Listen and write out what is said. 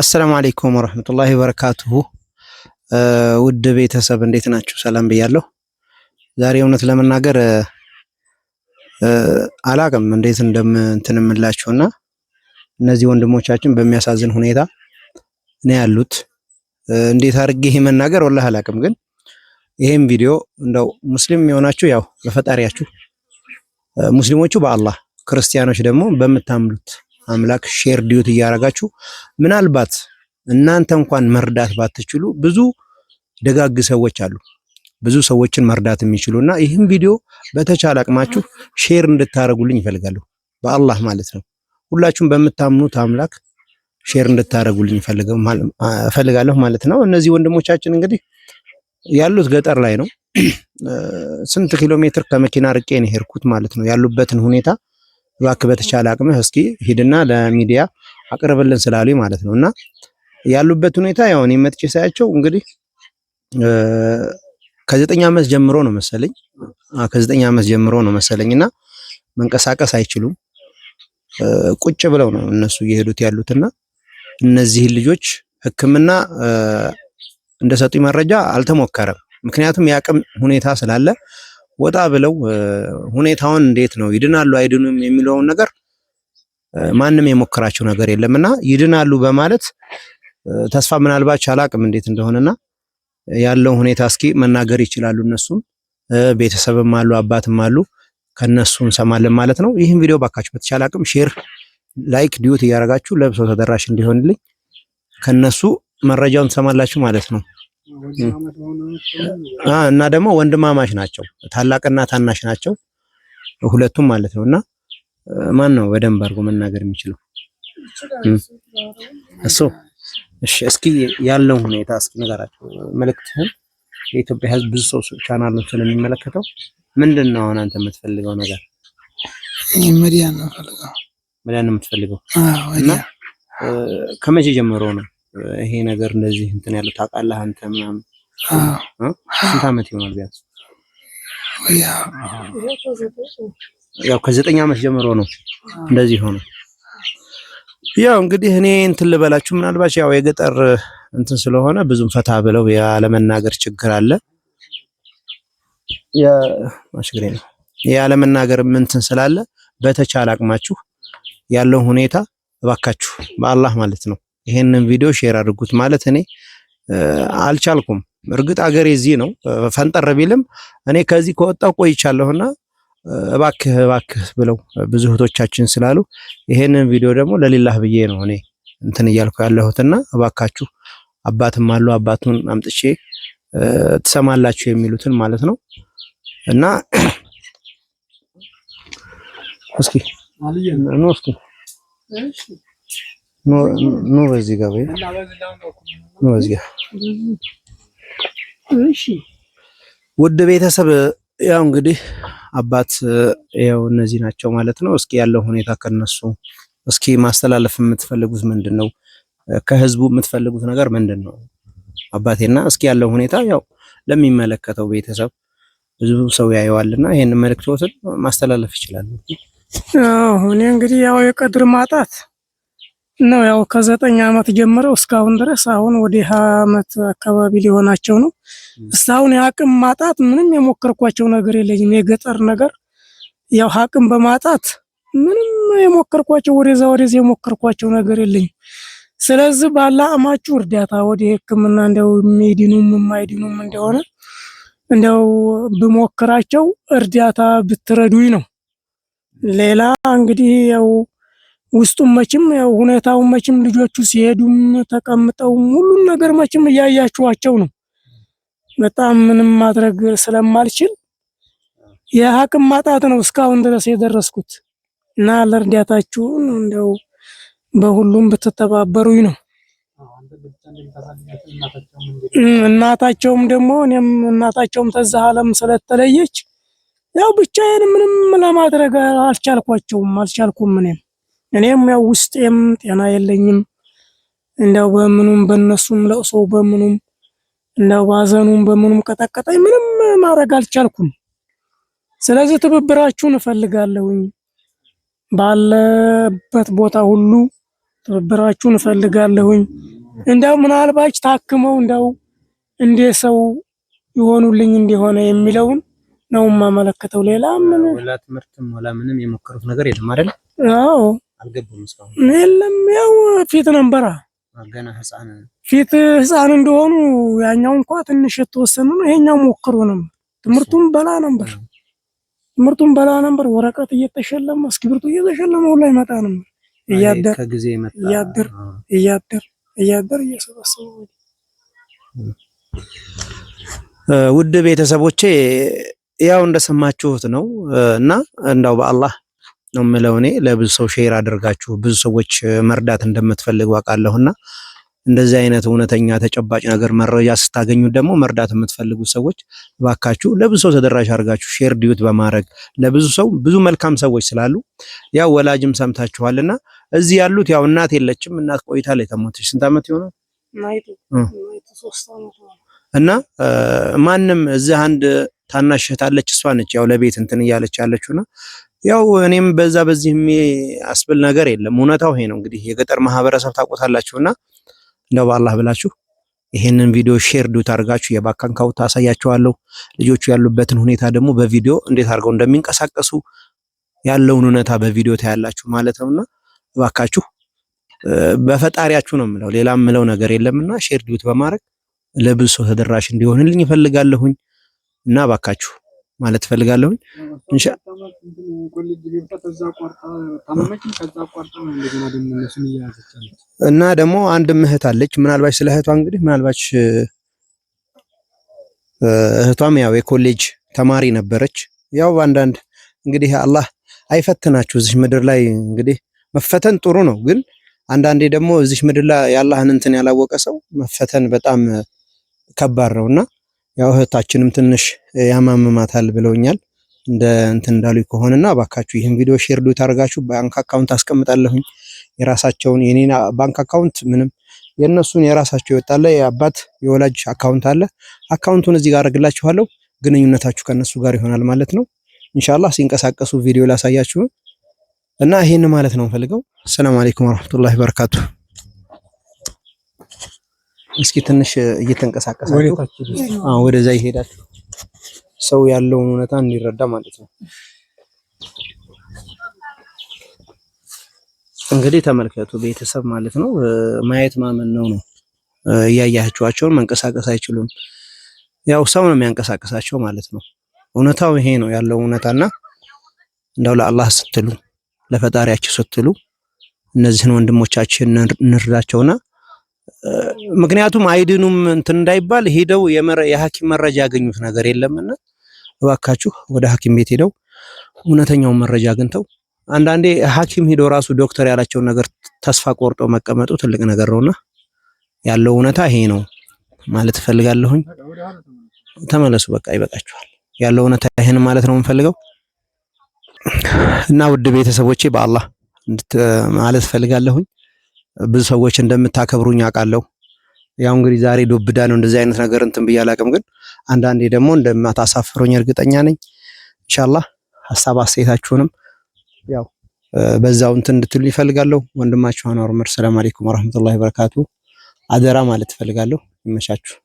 አሰላሙ አሌይኩም ወረህመቱላሂ ወበረካቱሁ። ውድ ቤተሰብ እንዴት ናችሁ? ሰላም ብያለሁ። ዛሬ እውነት ለመናገር አላቅም እንዴት እንደምንትን የምላችሁ እና እነዚህ ወንድሞቻችን በሚያሳዝን ሁኔታ ነው ያሉት። እንዴት አድርጌ ይሄ መናገር ወላሂ አላቅም። ግን ይሄም ቪዲዮ እንደው ሙስሊም የሆናችሁ ያው በፈጣሪያችሁ ሙስሊሞቹ በአላህ ክርስቲያኖች ደግሞ በምታምሉት አምላክ ሼር ዲዩት እያደረጋችሁ ምናልባት እናንተ እንኳን መርዳት ባትችሉ ብዙ ደጋግ ሰዎች አሉ፣ ብዙ ሰዎችን መርዳት የሚችሉ እና ይህም ቪዲዮ በተቻለ አቅማችሁ ሼር እንድታደርጉልኝ ይፈልጋለሁ። በአላህ ማለት ነው። ሁላችሁም በምታምኑት አምላክ ሼር እንድታረጉልኝ እፈልጋለሁ ማለት ነው። እነዚህ ወንድሞቻችን እንግዲህ ያሉት ገጠር ላይ ነው። ስንት ኪሎ ሜትር ከመኪና ርቄ ነው ሄድኩት ማለት ነው ያሉበትን ሁኔታ እባክህ በተቻለ አቅምህ እስኪ ሂድና ለሚዲያ አቅርብልን ስላሉ ማለት ነው። እና ያሉበት ሁኔታ ያው እኔ መጥቼ ሳያቸው እንግዲህ ከዘጠኝ ዓመት ጀምሮ ነው መሰለኝ ከዘጠኝ ዓመት ጀምሮ ነው መሰለኝ እና መንቀሳቀስ አይችሉም። ቁጭ ብለው ነው እነሱ እየሄዱት ያሉትና እነዚህን ልጆች ሕክምና እንደሰጡኝ መረጃ አልተሞከረም። ምክንያቱም የአቅም ሁኔታ ስላለ ወጣ ብለው ሁኔታውን እንዴት ነው ይድናሉ አይድኑም የሚለውን ነገር ማንም የሞከራቸው ነገር የለምና ይድናሉ በማለት ተስፋ ምናልባች አላቅም እንዴት እንደሆነና ያለው ሁኔታ እስኪ መናገር ይችላሉ። እነሱም ቤተሰብም አሉ አባትም አሉ ከነሱ እንሰማለን ማለት ነው። ይህም ቪዲዮ ባካችሁ በተቻለ አቅም ሼር፣ ላይክ፣ ዲዩት እያደረጋችሁ ለብሶ ተደራሽ እንዲሆንልኝ ከነሱ መረጃውን ትሰማላችሁ ማለት ነው። እና ደግሞ ወንድማማች ናቸው። ታላቅና ታናሽ ናቸው ሁለቱም ማለት ነው። እና ማን ነው በደንብ አድርጎ መናገር የሚችለው እሱ? እሺ፣ እስኪ ያለው ሁኔታ እስኪ ንገራቸው። መልእክትህን የኢትዮጵያ ሕዝብ ብዙ ሰው ቻናሉን ስለሚመለከተው ምንድን ነው አሁን አንተ የምትፈልገው ነገር? እኔ ነው የምፈልገው። መዲያን ነው የምትፈልገው? እና ከመቼ ጀምሮ ነው ይሄ ነገር እንደዚህ እንትን ያለው ታውቃለህ አንተ ምናምን ስንት ዓመት ይሆናል ቢያንስ? ያው ከዘጠኝ ዓመት ጀምሮ ነው እንደዚህ ሆኖ ያው እንግዲህ እኔ እንትን ልበላችሁ ምናልባት ያው የገጠር እንትን ስለሆነ ብዙም ፈታ ብለው ያለመናገር ችግር አለ። ያ ማሽግሬ ነው ያለመናገር እንትን ስላለ በተቻለ አቅማችሁ ያለው ሁኔታ እባካችሁ በአላህ ማለት ነው ይሄንን ቪዲዮ ሼር አድርጉት ማለት እኔ አልቻልኩም። እርግጥ አገሬ እዚህ ነው፣ ፈንጠር ቢልም እኔ ከዚህ ከወጣው ቆይቻለሁና እባክህ እባክህ ብለው ብዙ እህቶቻችን ስላሉ ይሄንን ቪዲዮ ደግሞ ለሌላህ ብዬ ነው እኔ እንትን እያልኩ ያለሁትና እባካችሁ አባትም አሉ አባቱን አምጥቼ ትሰማላችሁ የሚሉትን ማለት ነው እና እስኪ ኑ በዚህ ጋር ወይ ኑ በዚህ ጋር። እሺ ውድ ቤተሰብ ያው እንግዲህ አባት ያው እነዚህ ናቸው ማለት ነው። እስኪ ያለው ሁኔታ ከነሱ እስኪ ማስተላለፍ የምትፈልጉት ምንድን ነው? ከህዝቡ የምትፈልጉት ነገር ምንድን ነው? አባቴና እስኪ ያለው ሁኔታ ያው ለሚመለከተው ቤተሰብ ብዙ ሰው ያየዋልና ይሄን መልእክቶትን ማስተላለፍ ይችላል። አዎ እኔ እንግዲህ ያው የቀድር ማጣት ነው ያው ከዘጠኝ ዓመት ጀምረው እስካሁን ድረስ አሁን ወደ ሀያ አመት አካባቢ ሊሆናቸው ነው። እስካሁን የአቅም ማጣት ምንም የሞከርኳቸው ነገር የለኝም። የገጠር ነገር ያው አቅም በማጣት ምንም የሞከርኳቸው ወደዛ ወደዚ የሞከርኳቸው ነገር የለኝም። ስለዚህ ባለ አማቹ እርዳታ ወደ ሕክምና እንደው የሚድኑም የማይድኑም እንደሆነ እንደው ብሞክራቸው እርዳታ ብትረዱኝ ነው። ሌላ እንግዲህ ያው ውስጡም መቼም ያው ሁኔታው መቼም ልጆቹ ሲሄዱም ተቀምጠው ሁሉን ነገር መቼም እያያችኋቸው ነው። በጣም ምንም ማድረግ ስለማልችል የአቅም ማጣት ነው እስካሁን ድረስ የደረስኩት እና ለእርዳታችሁን እንደው በሁሉም ብትተባበሩኝ ነው። እናታቸውም ደግሞ እኔም እናታቸውም ተዛ ዓለም ስለተለየች ያው ብቻዬን ምንም ለማድረግ አልቻልኳቸውም አልቻልኩም እኔም እኔም ያው ውስጤም ጤና የለኝም እንደው በምኑም በነሱም ለቅሶ በምኑም እንደው ባዘኑም በምኑም ቀጠቀጠኝ፣ ምንም ማድረግ አልቻልኩም። ስለዚህ ትብብራችሁን እፈልጋለሁኝ ባለበት ቦታ ሁሉ ትብብራችሁን እፈልጋለሁኝ። እንደው ምናልባች ታክመው እንደው እንዴ ሰው ይሆኑልኝ እንደሆነ የሚለውን ነው የማመለከተው። ሌላ ምን ወላ ወላ ምንም የሞከሩት ነገር የለም አይደል? አዎ አልገቡም እስካሁን የለም። ያው ፊት ነበራ ገና ህፃን ፊት ህፃን እንደሆኑ ያኛው እንኳ ትንሽ የተወሰኑ ነው። ይሄኛው ሞክሮ ነበር። ትምህርቱም በላ ነበር። ትምህርቱም በላ ነበር። ወረቀት እየተሸለመ እስክሪብቶ እየተሸለመ ሁላ ይመጣ ነበር። እያደር እያደር እያደር እያደር እየሰበሰቡ ውድ ቤተሰቦቼ ያው እንደሰማችሁት ነው እና እንዳው በአላህ ነው የምለው። እኔ ለብዙ ሰው ሼር አድርጋችሁ ብዙ ሰዎች መርዳት እንደምትፈልጉ አውቃለሁና እንደዚህ አይነት እውነተኛ ተጨባጭ ነገር መረጃ ስታገኙ ደግሞ መርዳት የምትፈልጉ ሰዎች ባካችሁ ለብዙ ሰው ተደራሽ አድርጋችሁ ሼር ዲዩት በማድረግ ለብዙ ሰው ብዙ መልካም ሰዎች ስላሉ ያው ወላጅም ሰምታችኋልና እዚህ ያሉት ያው እናት የለችም። እናት ቆይታ ላይ ተሞተች። ስንት ዓመት ይሆናል? እና ማንም እዚህ አንድ ታናሽ እህት አለች። እሷ ነች ያው ለቤት እንትን እያለች ያለችውና ያው እኔም በዛ በዚህ የሚያስብል ነገር የለም። እውነታው ይሄ ነው። እንግዲህ የገጠር ማህበረሰብ ታቆታላችሁና እንደው በአላህ ብላችሁ ይሄንን ቪዲዮ ሼር ዱት አድርጋችሁ የባካን ካውት አሳያችኋለሁ። ልጆቹ ያሉበትን ሁኔታ ደግሞ በቪዲዮ እንዴት አድርገው እንደሚንቀሳቀሱ ያለውን እውነታ በቪዲዮ ታያላችሁ ማለት ነውና እባካችሁ በፈጣሪያችሁ ነው የምለው፣ ሌላ የምለው ነገር የለምና ሼር ዱት በማድረግ ለብዙ ሰው ተደራሽ እንዲሆንልኝ እፈልጋለሁኝ እና እባካችሁ ማለት ፈልጋለሁ። እና ደግሞ አንድ እህት አለች። ምናልባች ስለ እህቷ እንግዲህ ምናልባች እህቷም ያው የኮሌጅ ተማሪ ነበረች። ያው አንዳንድ እንግዲህ አላህ አይፈትናችሁ እዚህ ምድር ላይ እንግዲህ መፈተን ጥሩ ነው፣ ግን አንዳንዴ ደግሞ እዚህ ምድር ላይ የአላህን እንትን ያላወቀ ሰው መፈተን በጣም ከባድ ነውና ያው እህታችንም ትንሽ ያማምማታል ብለውኛል። እንደ እንትን እንዳሉ ከሆነና ባካችሁ ይህን ቪዲዮ ሼር ዱት አድርጋችሁ ባንክ አካውንት አስቀምጣለሁኝ የራሳቸውን የኔን ባንክ አካውንት ምንም የእነሱን የራሳቸው ይወጣለ። የአባት የወላጅ አካውንት አለ። አካውንቱን እዚህ ጋር አድርግላችኋለሁ። ግንኙነታችሁ ከነሱ ጋር ይሆናል ማለት ነው። ኢንሻአላህ ሲንቀሳቀሱ ቪዲዮ ላሳያችሁ እና ይሄን ማለት ነው ፈልገው። ሰላም አለይኩም ወራህመቱላሂ ወበረካቱ እስኪ ትንሽ እየተንቀሳቀሳችሁ ወደዛ ይሄዳል። ሰው ያለውን እውነታ እንዲረዳ ማለት ነው። እንግዲህ ተመልከቱ ቤተሰብ ማለት ነው። ማየት ማመን ነው ነው እያያችኋቸውን መንቀሳቀስ አይችሉም። ያው ሰው ነው የሚያንቀሳቀሳቸው ማለት ነው። እውነታው ይሄ ነው ያለው እውነታና እንደው ለአላህ ስትሉ ለፈጣሪያችሁ ስትሉ እነዚህን ወንድሞቻችን እንርዳቸውና ምክንያቱም አይድኑም እንትን እንዳይባል ሄደው የሐኪም መረጃ ያገኙት ነገር የለምና እባካችሁ ወደ ሐኪም ቤት ሄደው እውነተኛውን መረጃ አግኝተው አንዳንዴ ሐኪም ሄዶ ራሱ ዶክተር ያላቸውን ነገር ተስፋ ቆርጦ መቀመጡ ትልቅ ነገር ነውና ያለው እውነታ ይሄ ነው ማለት እፈልጋለሁኝ። ተመለሱ፣ በቃ ይበቃችኋል። ያለው እውነታ ይሄን ማለት ነው የምፈልገው እና ውድ ቤተሰቦቼ በአላህ ማለት እፈልጋለሁኝ። ብዙ ሰዎች እንደምታከብሩኝ አውቃለሁ። ያው እንግዲህ ዛሬ ዶብዳ ነው እንደዚህ አይነት ነገር እንትን ብዬ አላውቅም፣ ግን አንዳንዴ ደግሞ እንደማታሳፍሩኝ እርግጠኛ ነኝ። ኢንሻአላህ ሀሳብ አስተያየታችሁንም ያው በዛው እንትን እንድትሉ ይፈልጋለሁ። ወንድማችሁ አኗር ዑመር ሰላም አለይኩም ወራህመቱላሂ ወበረካቱ። አደራ ማለት እፈልጋለሁ። ይመቻችሁ።